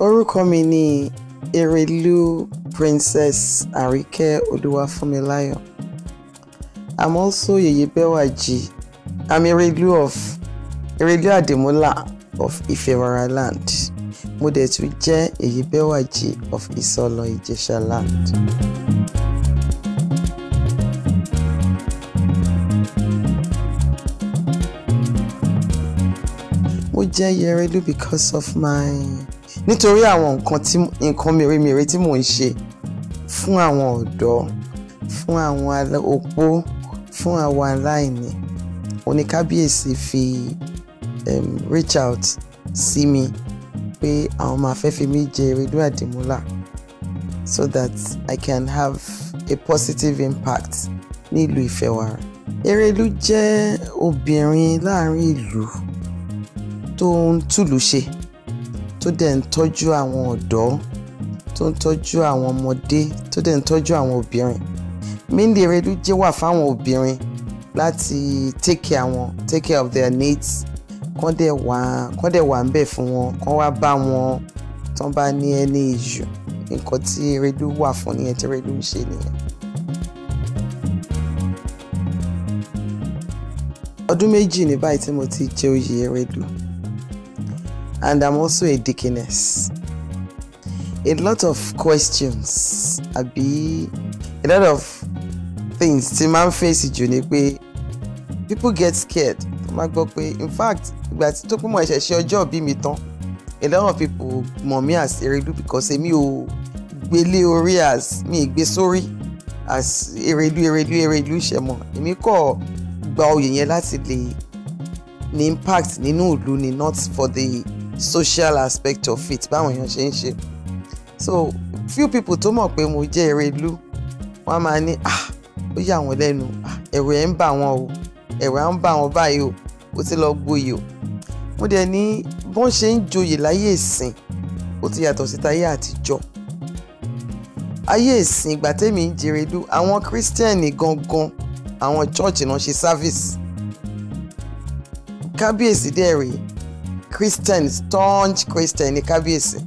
orúkọ mi ni Erelu Princess Àríkẹ́ Olúwafúnmiláyọ̀ I'm also Yeye Bewaji I'm Erelu of Erelu Ademola of Ifewara land mo dẹ̀ tún jẹ́ Yeye of Isolo Ijesha land. mo jẹ́ Erelu because of my nítorí àwọn nǹkan tí nǹkan mèremère tí mò ń ṣe fún àwọn ọ̀dọ́ fún àwọn opó fún àwọn aláìní oníkábíyèsí fi um, reach out sí mi pé àwọn máa fẹ́ fi mí jẹ Èrèdú Àdìmúlà so that I can have a positive impact nílùú Ifẹ̀ wa. Èrèdú jẹ́ obìnrin láàrin ìlú tó ń túlù ṣe tó dẹ̀ ń tọ́jú àwọn ọ̀dọ́ tó ń tọ́jú àwọn ọmọdé tó dẹ̀ ń tọ́jú àwọn obìnrin Mindi Ereduje wà fáwọn obìnrin láti take care wọn take care of their needs kán dẹ̀ wà kán dẹ̀ wà ń bẹ̀ fún wọn kán wá bá wọn tán bá ní ẹni ìjù nǹkan tí Eredu wà fún nìyẹn tí Eredu ń ṣe nìyẹn. ọdún méjì ní báyìí tí mo ti jẹ oyè Eredu and I'm also a deaconess. A lot of questions àbí a lot of things tí máa ń fèsì jù ni pé people get scared in fact ìgbà tí tó pé mo ẹ̀ṣẹ̀ ṣe ọjọ́ ìbí mi a lot of people mommy mí as Èrèlú because me ò gbélé orí as me ì gbé sórí as eredu eredu Èrèlú ṣẹ̀mọ̀ èmi kọ̀ gba oyè yẹn láti lè ní impact nínú ìlú ni not for the social aspect of it báwọn èèyàn ṣe ń ṣe so few people tó mọ̀ pé mo jẹ́ Erelú wọ́n máa ní ah ó yà wọ́n lẹ́nu ah ẹ̀rù ẹ̀ ń bà wọ́n o ẹ̀rù à ń bà wọ́n báyìí o ó ti lọ gboyè o mo dẹ̀ ní bọ́n ṣe ń joyè láyé ìsìn ó ti yàtọ̀ sí táyé àtijọ́ ayé ìsìn ìgbà tẹ́mi ń jẹrẹdú àwọn kírísítẹ́nì gangan àwọn chọ́ọ̀chì náà ṣe sáfíìsì kábíyèsí dẹ̀ rèé christian staunch christian ní kábíyèsí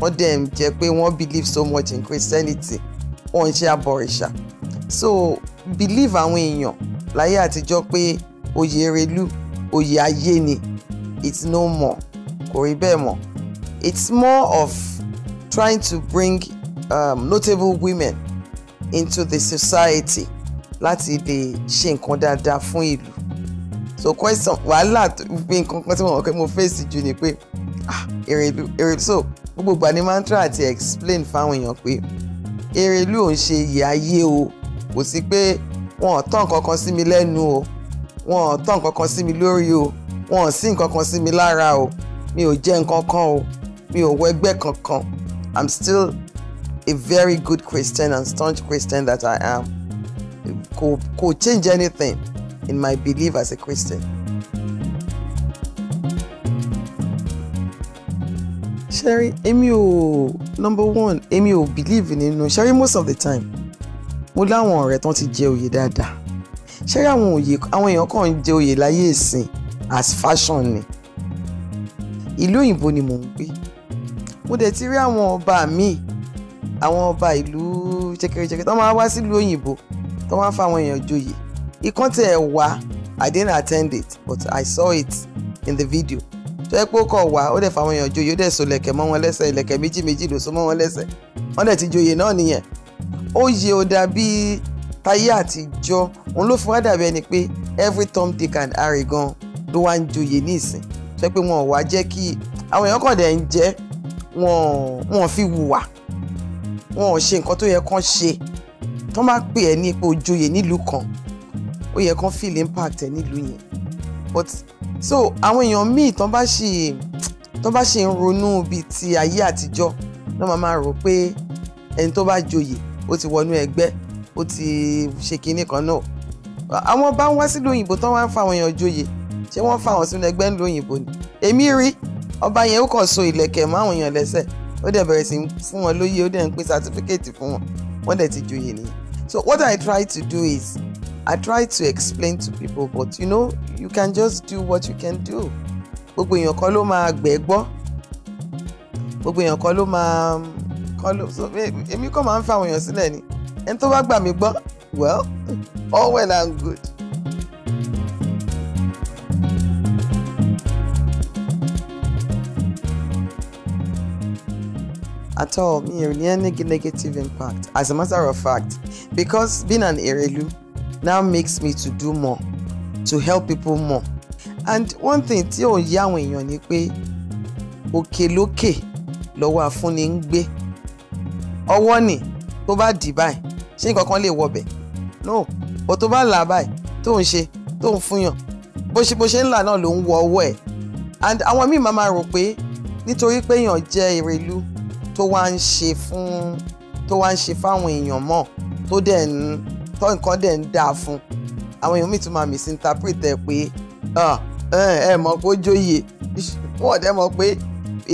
wọ́n dẹ̀ ń jẹ́ pé wọ́n believe so much in christianity wọ́n ń ṣe àbọ̀rìṣà so believe àwọn èèyàn láyé àtijọ́ pé oyè erelú oyè ayé ni it's no more kò rí bẹ́ẹ̀ mọ́ it's more of trying to bring um, notable women into the society láti lè ṣe nǹkan dáadáa fún ìlú so question wàhálà gbé nǹkan kan tí mo mọ̀ pé mo face jù ni pé ah, èrè so gbogbo ìgbà ni mantra àti explain fáwọn èèyàn pé Èrèlú ò ń ṣe ìyà ayé o kò sí pé wọn ò tán nǹkan kan sí mi lẹ́nu o wọn ò tán nǹkan kan sí mi lórí o wọn ò sí nǹkan sí mi lára o mi ò jẹ́ nǹkan o mi ò wọ ẹgbẹ́ kankan i'm still a very good Christian and staunch Christian that i am kò kò change anything in my belief as a Christian. Sherry, èmi ò number one èmi ò believe nínú Sherry most of the time mo láwọn ọ̀rẹ́ tán ti jẹ oyè dáadáa Sherry àwọn oyè àwọn èèyàn kàn ń jẹ oyè láyé ìsìn as fashion ni ìlú òyìnbó ni mò ń gbé mo dẹ̀ ti rí àwọn ọba míì àwọn ọba ìlú jẹkẹrẹjẹkẹ tó máa wá sílùú òyìnbó tó máa ń fa àwọn èèyàn joyè ikán tiẹ̀ wá I didn't attend it but I saw it in the video tó yẹ pé ó kọ̀ wá ó dẹ̀ fáwọn èèyàn joyè ó dẹ̀ so lẹ̀kẹ̀ mọ́ wọn lẹ́sẹ̀ lẹ̀kẹ̀ méjì méjì ló so mọ́ wọn lẹ́sẹ̀ wọ́n dẹ̀ ti joyè náà nìyẹn ó yẹ ó dà bíi táyé àtijọ́ òun ló fún wa dàbí ẹni pé every Tom Dick and Harry gan ló wá ń joyè ní ìsìn tó yẹ pé wọn ò wá jẹ́ kí àwọn èèyàn kàn dẹ̀ ń jẹ́ wọn wọn fi hùwà wọn ò ṣe nǹkan tó yẹ kán ṣe tó má pè ẹ́ ní ipò joyè nílùú kan ó yẹ kán feel impact ẹ̀ nílùú yẹn but so àwọn èèyàn míì tán bá ṣì tán bá ṣì ń ronú bíi ti ayé àtijọ́ náà máa máa rò pé ẹni tó bá joyè ó ti wọnú ẹgbẹ́ ó ti ṣe kinní kan náà àwọn bá ń wá sílùú òyìnbó tán wá ń fa àwọn èèyàn joyè ṣé wọ́n fa àwọn sínú ẹgbẹ́ ńlú òyìnbó ni èmi rí ọba yẹn ó kàn so ìlẹ̀kẹ̀ mọ́ àwọn èèyàn lẹ́sẹ̀ ó dẹ̀ bẹ̀rẹ̀ sí fún wọn lóyè ó dẹ̀ ń pín sátífíkẹ́ẹ̀tì fún wọn wọ́n dẹ̀ ti joyè nìyẹn so what I try to do is I try to explain to people but you know you can just do what you can do gbogbo èèyàn kan ló máa gbẹ́ gbọ́ gbogbo èèyàn kan ló máa kan ló so e, èmi kàn máa ń fa àwọn èèyàn sílẹ̀ ni ẹni tó bá gbà mí gbọ́ well all well and good. at all me any negative impact as a matter of fact because being an erelu now makes me to do more to help people more and one thing tí ò ń yá àwọn èèyàn ni pé òkè lókè lọ́wọ́ afúnni ń gbé ọwọ́ ni tó bá dì báyìí ṣé nǹkan kan lè wọbẹ̀ no bó tó bá là báyìí tó ń ṣe tó ń fúnyàn bó ṣe bó ṣe ń là náà ló ń wọ ọwọ́ ẹ̀ and àwọn míì máa máa rò pé nítorí pé èèyàn jẹ́ ìrèlú tó wá ń ṣe fún tó wá ń ṣe fáwọn èèyàn mọ̀ tó dẹ̀ ń tó nǹkan dẹ̀ ń dáa fún àwọn èèyàn míì tún máa misinterpret ẹ pé ẹ mọ̀ pé ó jóye wọ́n dẹ̀ mọ̀ pé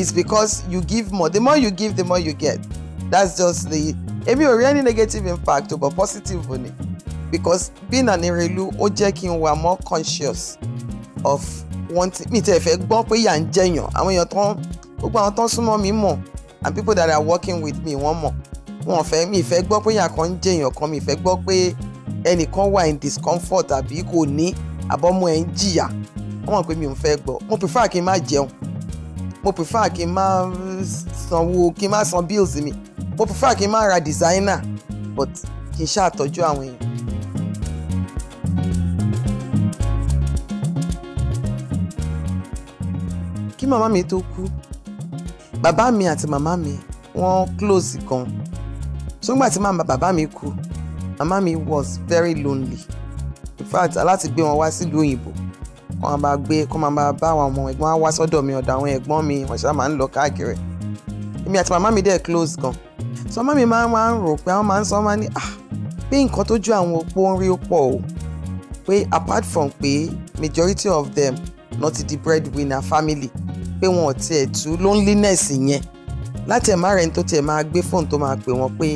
it's because you give more the more you give the more you get that's just the èmi ò rí any negative impact o but positive o ni because being an Erelu ó jẹ́ kí n wà more conscious of wanting. thing mi tẹ̀ fẹ́ gbọ́ pé yà ń jẹyàn àwọn èèyàn tán gbogbo àwọn tán súnmọ́ mi mọ̀ and people that are working with me wọ́n mọ̀ wọn fẹ́ mi ìfẹ́ gbọ́ pé èèyàn kan ń jẹyàn kan mi ìfẹ́ gbọ́ pé ẹnìkan wà in discomfort àbí kò ní àbọ̀mọ́ ẹ̀ ń jìyà wọ́n mọ̀ pé mi ò fẹ́ gbọ́ mo prefer kí n má jẹun mo prefer kí n má sanwó kí n má san bills mi mo prefer kí n má ra designer but kí n ṣàtọ́jú àwọn èèyàn. kí màmá mi tó kú bàbá mi àti màmá mi wọ́n close gan-an So sọgbà tí màmá bàbá mi kú màmá mi was very lonely in fact aláti gbé wọn wá sílùú òyìnbó kọ́ máa bá gbé kọ́ máa bá bá àwọn ọmọ ẹ̀gbọ́n á wá sọ́dọ̀ mi ọ̀dọ̀ àwọn ẹ̀gbọ́n mi wọ́n ṣáà máa ń lọ káàkiri èmi àti màmá mi dẹ̀ close gan so màmá mi máa ń rò pé àwọn máa ń sọ máa ní ah pé nǹkan tó ju àwọn opó ń rí pọ̀ o pé apart from pé majority of them náà ti di breadwinner family pé wọn ò tiẹ̀ tú loneliness yẹn láti ẹ̀ má rẹ̀ ní tó tiẹ̀ máa gbé fóònù tó máa pè wọ́n pé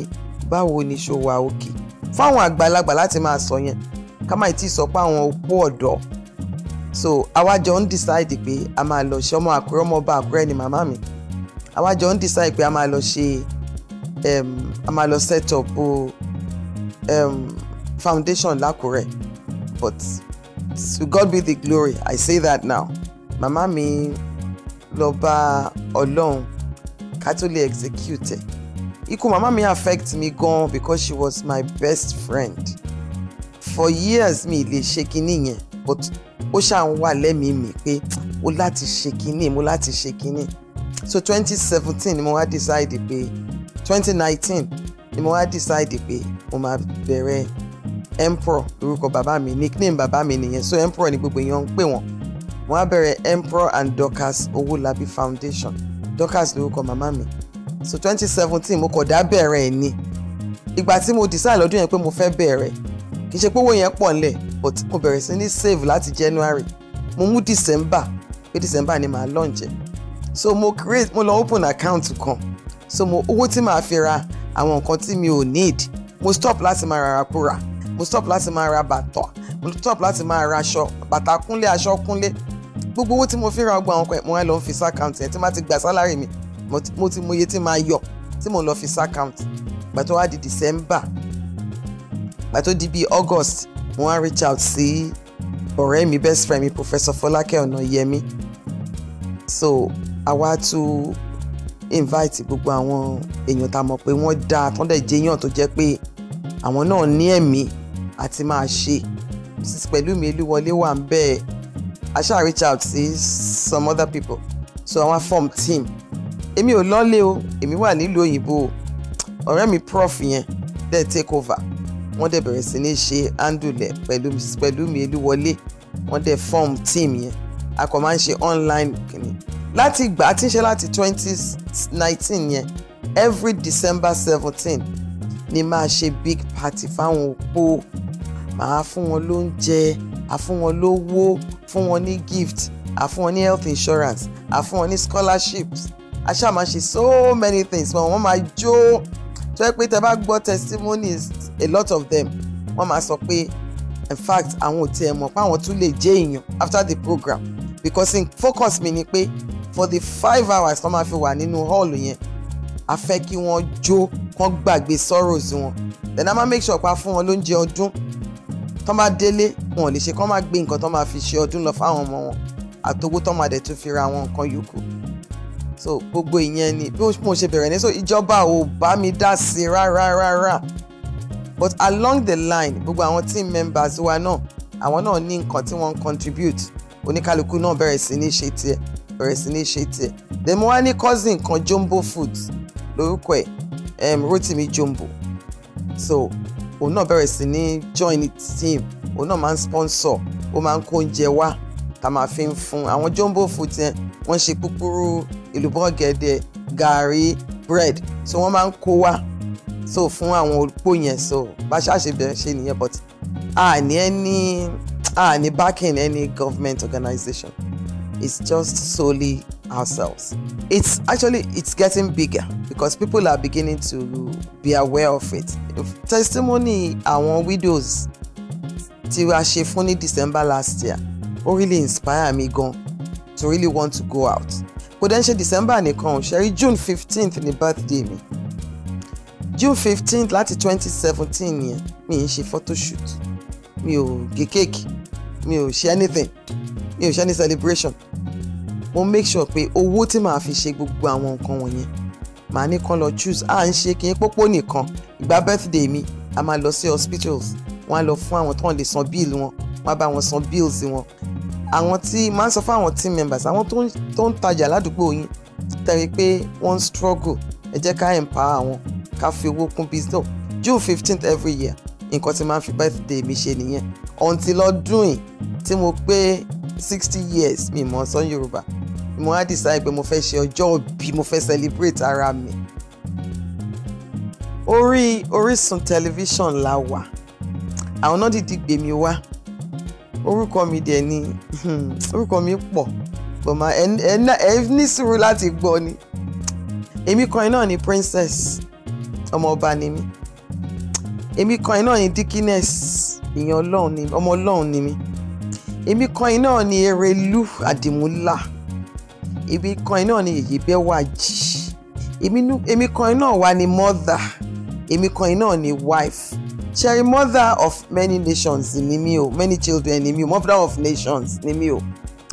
báwo ni ṣó wa òkè fáwọn àgbàlagbà láti máa sọ yẹn ká má tí ì sọ pé àwọn opó ọ̀dọ́ so àwa jọ ń decide pé a máa lọ ṣe ọmọ àkúrẹ́ ọmọ ọba àkúrẹ́ ni màmá mi àwa jọ ń decide pé a máa lọ ṣe a máa lọ set up foundation lákúrẹ́ but to God be the glory I say that now màmá mi lọ bá ọlọ́run ká tó lè execute ẹ̀ ikú mi affect me gan because she was my best friend for years mi le ṣe kinní yẹn but ó ṣáà ń wà lẹ́mìí mi pé mo láti ṣe kinní mo láti ṣe kinní so 2017, seventeen ni mo wá decide pé twenty nineteen ni mo wá decide pé mo máa bẹ̀rẹ̀ emperor orúkọ bàbá mi nickname bàbá mi nìyẹn so emperor ni gbogbo èèyàn ń pè wọ́n mo wá bẹ̀rẹ̀ emperor and Dorcas Owolabi Foundation Dorcas lórúkọ màmá mi so twenty seventeen mo kọ̀ dá bẹ̀rẹ̀ ẹ̀ ni ìgbà tí mo decide lọ́dún yẹn pé mo fẹ́ bẹ̀rẹ̀ kì í ṣe pé owó yẹn pọ̀ nílẹ̀ but mo bẹ̀rẹ̀ sí ní save láti January mo mú December pé December ni màá launch ẹ̀ so mo create mo lọ open account kan so mo owó tí màá fi ra àwọn nǹkan tí mi ò need mo stop láti máa ra rakúra mo stop láti máa ra bàtà mo stop láti máa ra aṣọ bàtà kúnlé aṣọ kúnlé gbogbo owó tí mo fi ra ọgbà àwọn ọkọ ẹ̀ mo wá lọ fi sàkáǹtì ẹ̀ tí má ti gbà sálárì mi mo ti mọ iye tí máa yọ tí mo lọ fi sàkáǹtì gbà tó wá di December gbà tó di bíi August mo wá reach out sí ọ̀rẹ́ mi best friend mi Professor Fọlákẹ́ Ọ̀nàyẹmí so àwa tún invite gbogbo àwọn èèyàn tá a mọ̀ pé wọ́n dáa tó ń dẹ̀ jẹ́ èèyàn tó jẹ́ pé àwọn náà ní ẹ̀mí àti máa ṣe pẹ̀lú mi Olúwọlé wà ń bẹ́ẹ̀ I shall reach out sí some other people so àwọn form team èmi ò lọ́lé o èmi wà nílùú òyìnbó o ọ̀rẹ́ mi prof yẹn dẹ̀ take over wọ́n dẹ̀ bẹ̀rẹ̀ sí ní handle pẹ̀lú pẹ̀lú mi Olúwọlé wọ́n dẹ̀ form team yẹn a kò máa ń ṣe online kìíní láti ìgbà àti ń ṣe láti twenty nineteen yẹn every December 17, ni máa ṣe big party fáwọn opó màá fún wọn A fun wọn lówó fún wọn ní gift a fún wọn ní health insurance a fún wọn ní scholarships a ṣáà máa ṣe so many things wọn wọn máa jó tó yẹ pé tẹ bá gbọ́ testimonies a lot of them wọn máa sọ pé in fact àwọn ò tiẹ̀ mọ̀ pé àwọn tún lè jẹ́ èèyàn after the program because in focus mi ni pé for the five hours tó máa fi wà nínú hall yẹn a fẹ́ kí wọ́n jó kán gbàgbé sorrows wọn then a máa make sure pa fún wọn lóúnjẹ ọdún tán bá délé wọn ò lè ṣe kán má gbé nǹkan tán máa fi ṣe ọdún lọ fáwọn ọmọ wọn àtowó tán máa dẹ̀ tún fi ra àwọn nǹkan yòókù so gbogbo ìyẹn ni bí mo ṣe bẹ̀rẹ̀ ní so ìjọba ò bá mi dá sí rárá rárá but along the line gbogbo àwọn team members wa náà àwọn náà ní nǹkan tí wọ́n ń contribute oníkálukú náà bẹ̀rẹ̀ sí ní ṣe tiẹ̀ bẹ̀rẹ̀ sí ní ṣe tiẹ̀ then mo wá ní cousin kan Jumbo Foods lórúkọ ẹ̀ um, Rotimi Jumbo so òun náà bẹ̀rẹ̀ sí ní join team òun náà máa ń sponsor ó máa ń kó oúnjẹ wá tá a máa fi ń fún àwọn jumbo food yẹn wọ́n ṣe kúkúrú èlùbọ́ ọ̀gẹ̀dẹ̀ gàrí bread so wọ́n máa ń kó wá so fún àwọn olùpọ̀ yẹn so bá ṣáṣe bẹ̀rẹ̀ ṣe nìyẹn but àní ẹni àní backing any government organization it's just solely ourselves. It's actually it's getting bigger because people are beginning to be aware of it. testimony àwọn widows tí a ṣe fún ní December last year ó really inspire me gan to really want to go out. Kò dẹ́n ṣe December nìkan ò ṣẹ́rí June fifteenth ni birthday mi. June fifteenth láti twenty seventeen yẹn mi ń ṣe photoshoot mi ò gé cake mi ò ṣe anything mi ò ṣe any celebration mo make sure pé owó tí màá fi ṣe gbogbo àwọn nǹkan wọ̀nyẹn màá ní kán lọ choose à ń ṣe kí n pópó nìkan ìgbà birthday mi a máa lọ sí hospitals wọ́n á lọ fún àwọn tó ń lè san bill wọn wọ́n á bá wọn san bills wọn àwọn tí máa ń sọ fún àwọn team members àwọn tó ń tajà ládùúgbò yín tẹ̀rí pé wọ́n ń struggle ẹ jẹ́ ká empower wọn ká fi owó kún business june fifteenth every year nǹkan tí máa ń fi birthday mi ṣe nìyẹn until ọdún yìí tí mo pé sixty years mi mọ̀ sọ yorùbá ni mo wá decide pé mo fẹ́ ṣe ọjọ́ òbí mo fẹ́ celebrate ara mi orí Orísun tẹlifíṣàn la wà àwọn náà dìdí gbé mi wá orúkọ mi dẹ̀ ni hmm, orúkọ mi pọ̀ bọ̀mọ ẹ ní sùúrù láti gbọ́ ni èmi kan iná ni princess ọmọ ọba ni mi èmi kan iná ni dickiness ìyẹn ọlọ́run ni ọmọ ọlọ́run ni mi èmi kan iná ni erelu àdìmúlà Ibi kan iná ni èyí bẹ́ wà jì èmi kan iná wa ni mother èmi kan iná ni wife ṣẹ́rí mother of many nations ni mi o many children ni mi o mother of nations ni mi o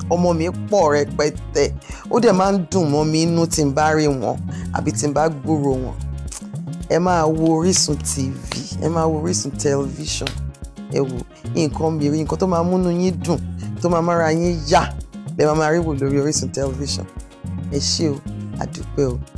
ọmọ mi pọ̀ rẹpẹtẹ ó dẹ̀ máa ń dùn mọ́ mi inú tí n bá rí wọn àbí tí n bá gbúrò wọn ẹ máa wo Orísun TV ẹ máa wo Orísun television ẹ wò nǹkan mìíràn nǹkan tó máa múnú yín dùn tó máa mára yín yá lè máa máa rí wò lórí Orísun tẹlifíṣàn ẹ ṣé o àdúpẹ́ o.